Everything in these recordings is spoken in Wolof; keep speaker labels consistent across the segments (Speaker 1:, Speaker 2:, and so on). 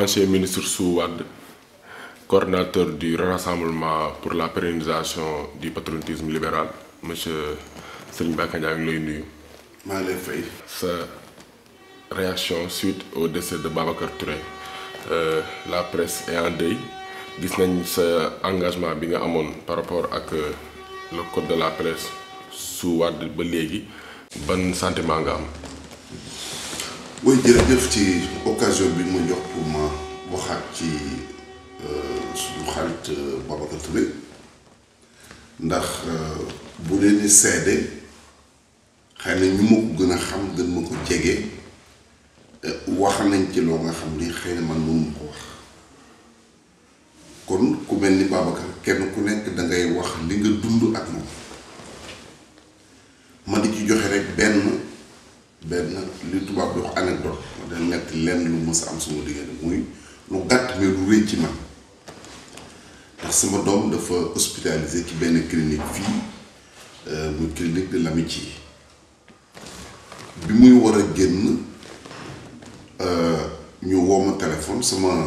Speaker 1: ancien ministre sous Wade coordinateur du rassemblement pour la pérennisation du patriotisme libéral monsieur Serigne Mbacké Ndiaye ngi lay nuyu. maa lay fay. sa réaction suite au décès de Babacar Touré euh, la presse est gis nañ sa engagement bi nga amoon par rapport ak euh, le code de la presse su Wade ba léegi ban sentiment nga am. oui jërëjëf ci occasion bi mu jox pour ma waxaat ci
Speaker 2: euh, suñu xarit euh, Babacar Touré ndax euh, bu leen di seede xëy na ñu ma ko gën a xam gën ma ko jege wax nañ ci loo nga xam ni xëy na man mënu ko wax kon ku mel ni Babacar kenn ku nekk dangay wax li nga dund ak li tubaab di wax anecdote ma dana nekk lenn lu mës a am suma diggante muy lu gàtt mais lu rëy ci ndax sama doom dafa hospitalisé ci benn clinique fii euh, muy clinique de l'amitié bi muy war a génn euh, ñu woo ma téléphone sama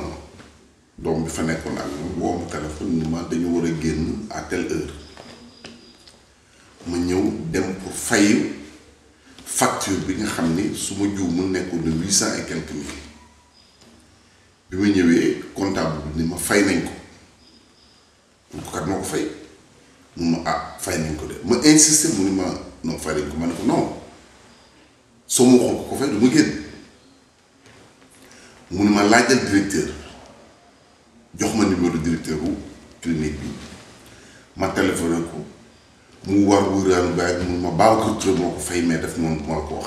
Speaker 2: doom bi fa nekkoon ak moom woo ma ni ma dañu war a génn à heure ma ñëw dem pour fayu facture bi nga xam ni su ma jiw mu nekkoon ne huit cent et quelques mille bi ma ñëwee comptable bi ni ma fay nañ ko mu ko kat moo ko fay mu ma ah fay nañ ko de ma insister mu ni ma non fay nañ ko ma ne ko non soo ma waxoon ko ko fay du ma génn mu ni ma laajal directeur jox ma numéro directeur bu clinique bi ma téléphoné mu war wóoraan bàyyi mun ma Babacar Touré moo ko fay mais daf moom moo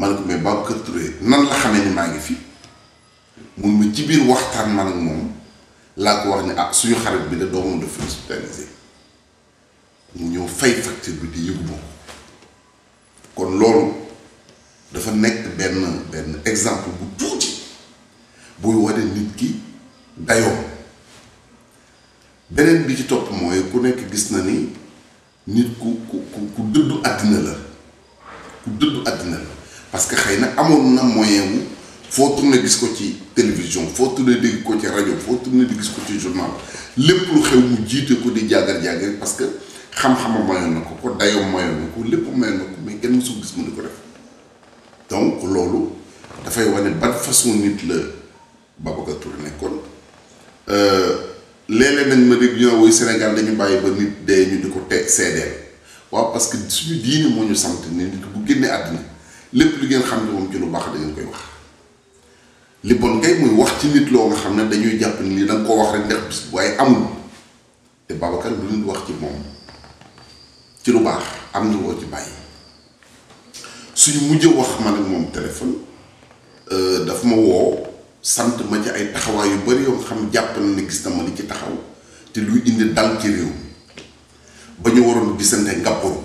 Speaker 2: la ko wax man ko mais Babacar Touré nan la xamee ni maa ngi fi mun ma ci biir waxtaan man ak moom laa ko wax ni ah suñu xarit bi da doomam dafa hospitalisé mu ñëw fay facture bi di yëgu moom kon loolu dafa nekk benn benn exemple bu tuuti buy wane nit ki dayoo beneen bi ci topp mooy ku nekk gis na ni nit ku ku ku dëddu àddina la ku dëddu àddina la parce que xëy na amoon na moyen foo tourné gis ko ci télévision foo tourné dégg ko ci rajo foo tourné di ko ci journal lépp lu xew mu jiite ko di jàggar jàggar parce que xam-xama mayoon na ko ko dayoom mayoon na ko lépp mayoon na ko mais kenn mësul gis mu di ko def donc loolu dafay wane ban façon nit la Babacar Touré nekkoon euh, nañ ma dégg ñoo woy Sénégal dañu bàyyi ba nit dee ñu di ko teg seedeel waaw parce que suñu diine moo ñu sant ni nit bu génnee àddina lépp li ngeen xam ne moom ci lu baax da ngeen koy wax li bon wax ci nit loo xam ne dañuy jàpp ni lii da nga ko waaye amul te Babacar lu wax ci moom ci lu baax am na loo ci bàyyi suñu mujj wax man ak moom téléphone euh, dafa ma woo sant ma ci ay taxawaay yu bari yoo xam jàpp na ne gis na ma li ci taxaw te luy indi dal ci ba ñu waroon gisante ngàppoon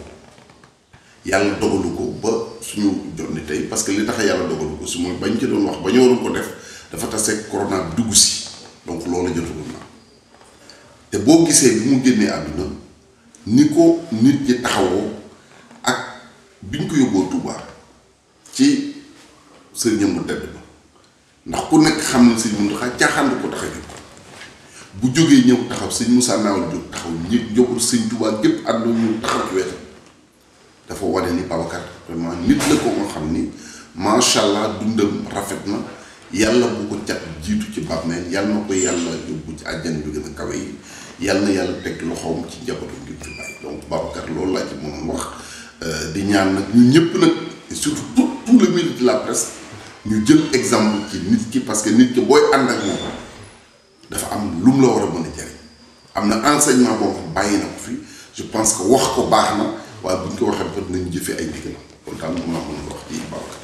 Speaker 2: yàlla dogalu ko ba suñu jonni tey parce que li tax yàlla dogalu ko su mooy bañ ci doon wax ba ñu waroon ko def dafa tase corona dugg si donc loolu jotagul naa te boo gisee bi mu génnee àdduna ni ko nit ñi taxawoo ak biñ ko yóbboo Touba ci sëriñam mu tedd ba ndax ku nekk xam ne sëriñ Mountakha caaxaan ko tax a jóg bu jógee ñëw taxaw sëñ Moussa Nawel jóg taxaw ñëpp njabootu sëñ Touba gépp ànd ñu taxaw ci dafa wane ni Babacar vraiment nit la ko nga xam ni macha allah dundam rafet na yàlla bu ko cat jiitu ci bàmmeel yàlla na ko yàlla yóbbu ci àjjana bi gën a kawe yi na yàlla teg loxoom ci njabootu ngir fi bàyyi donc Babacar loolu laa ci mënoon wax euh, di ñaan nag ñëpp nag surtout tout la presse ñu jël exemple ci nit ki parce que nit ki booy ànd ak moom. lu mu la war a mën a jëriñ am na enseignement boo bàyyi na ko fi je pense que wax ko baax na waaye bu ñu ko waxee peut-être nañu jëfee ay ndigalam kon daal moom laa mën a wax ci Babacar